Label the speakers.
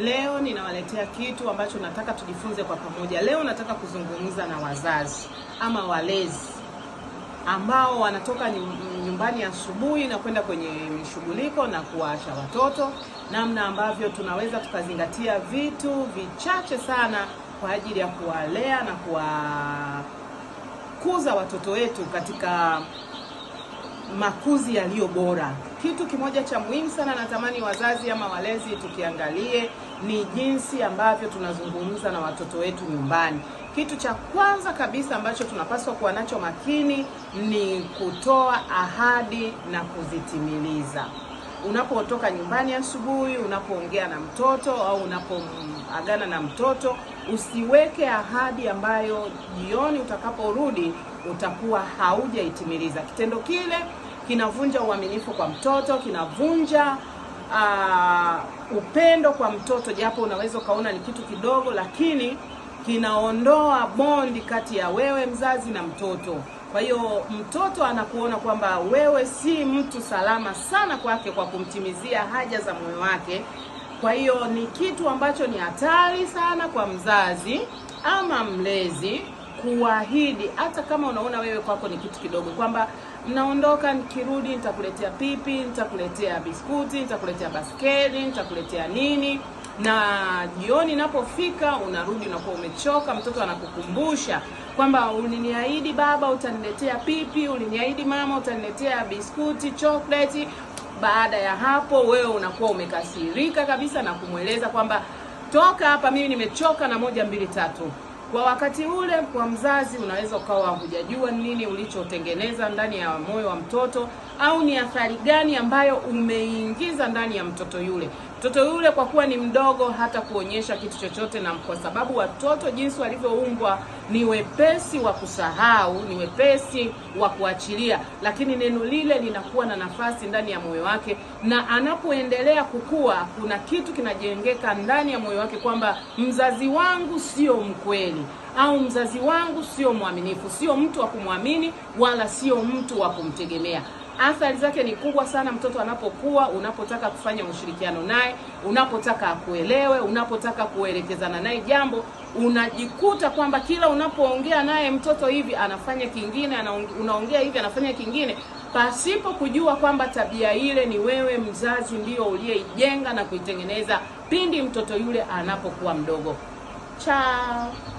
Speaker 1: Leo ninawaletea kitu ambacho nataka tujifunze kwa pamoja. Leo nataka kuzungumza na wazazi ama walezi ambao wanatoka nyumbani asubuhi na kwenda kwenye mishughuliko na kuwaacha watoto, namna ambavyo tunaweza tukazingatia vitu vichache sana kwa ajili ya kuwalea na kuwakuza watoto wetu katika makuzi yaliyo bora. Kitu kimoja cha muhimu sana natamani wazazi ama walezi tukiangalie ni jinsi ambavyo tunazungumza na watoto wetu nyumbani. Kitu cha kwanza kabisa ambacho tunapaswa kuwa nacho makini ni kutoa ahadi na kuzitimiliza. Unapotoka nyumbani asubuhi, unapoongea na mtoto au unapoagana na mtoto, usiweke ahadi ambayo jioni utakaporudi utakuwa haujaitimiliza. Kitendo kile kinavunja uaminifu kwa mtoto, kinavunja uh, upendo kwa mtoto, japo unaweza ukaona ni kitu kidogo, lakini kinaondoa bondi kati ya wewe mzazi na mtoto. Kwa hiyo mtoto anakuona kwamba wewe si mtu salama sana kwake kwa kumtimizia haja za moyo wake. Kwa hiyo ni kitu ambacho ni hatari sana kwa mzazi ama mlezi kuahidi, hata kama unaona wewe kwako ni kitu kidogo, kwamba naondoka nikirudi nitakuletea pipi, nitakuletea biskuti, nitakuletea basketi, nitakuletea nini na jioni inapofika unarudi unakuwa umechoka. Mtoto anakukumbusha kwamba uliniahidi baba utaniletea pipi, uliniahidi mama utaniletea biskuti, chokleti Baada ya hapo, wewe unakuwa umekasirika kabisa na kumweleza kwamba toka hapa, mimi nimechoka na moja mbili tatu. Kwa wakati ule kwa mzazi unaweza ukawa hujajua nini ulichotengeneza ndani ya moyo wa mtoto, au ni athari gani ambayo umeingiza ndani ya mtoto yule. Mtoto yule kwa kuwa ni mdogo hata kuonyesha kitu chochote, na kwa sababu watoto jinsi walivyoumbwa ni wepesi wa kusahau, ni wepesi wa kuachilia, lakini neno lile linakuwa na nafasi ndani ya moyo wake, na anapoendelea kukua, kuna kitu kinajengeka ndani ya moyo wake kwamba mzazi wangu sio mkweli au mzazi wangu sio mwaminifu, sio mtu wa kumwamini wala sio mtu wa kumtegemea athari zake ni kubwa sana mtoto anapokuwa, unapotaka kufanya ushirikiano naye, unapotaka akuelewe, unapotaka kuelekezana naye jambo, unajikuta kwamba kila unapoongea naye mtoto hivi anafanya kingine, unaongea hivi anafanya kingine, pasipo kujua kwamba tabia ile ni wewe mzazi ndio uliyeijenga na kuitengeneza pindi mtoto yule anapokuwa mdogo. Chao.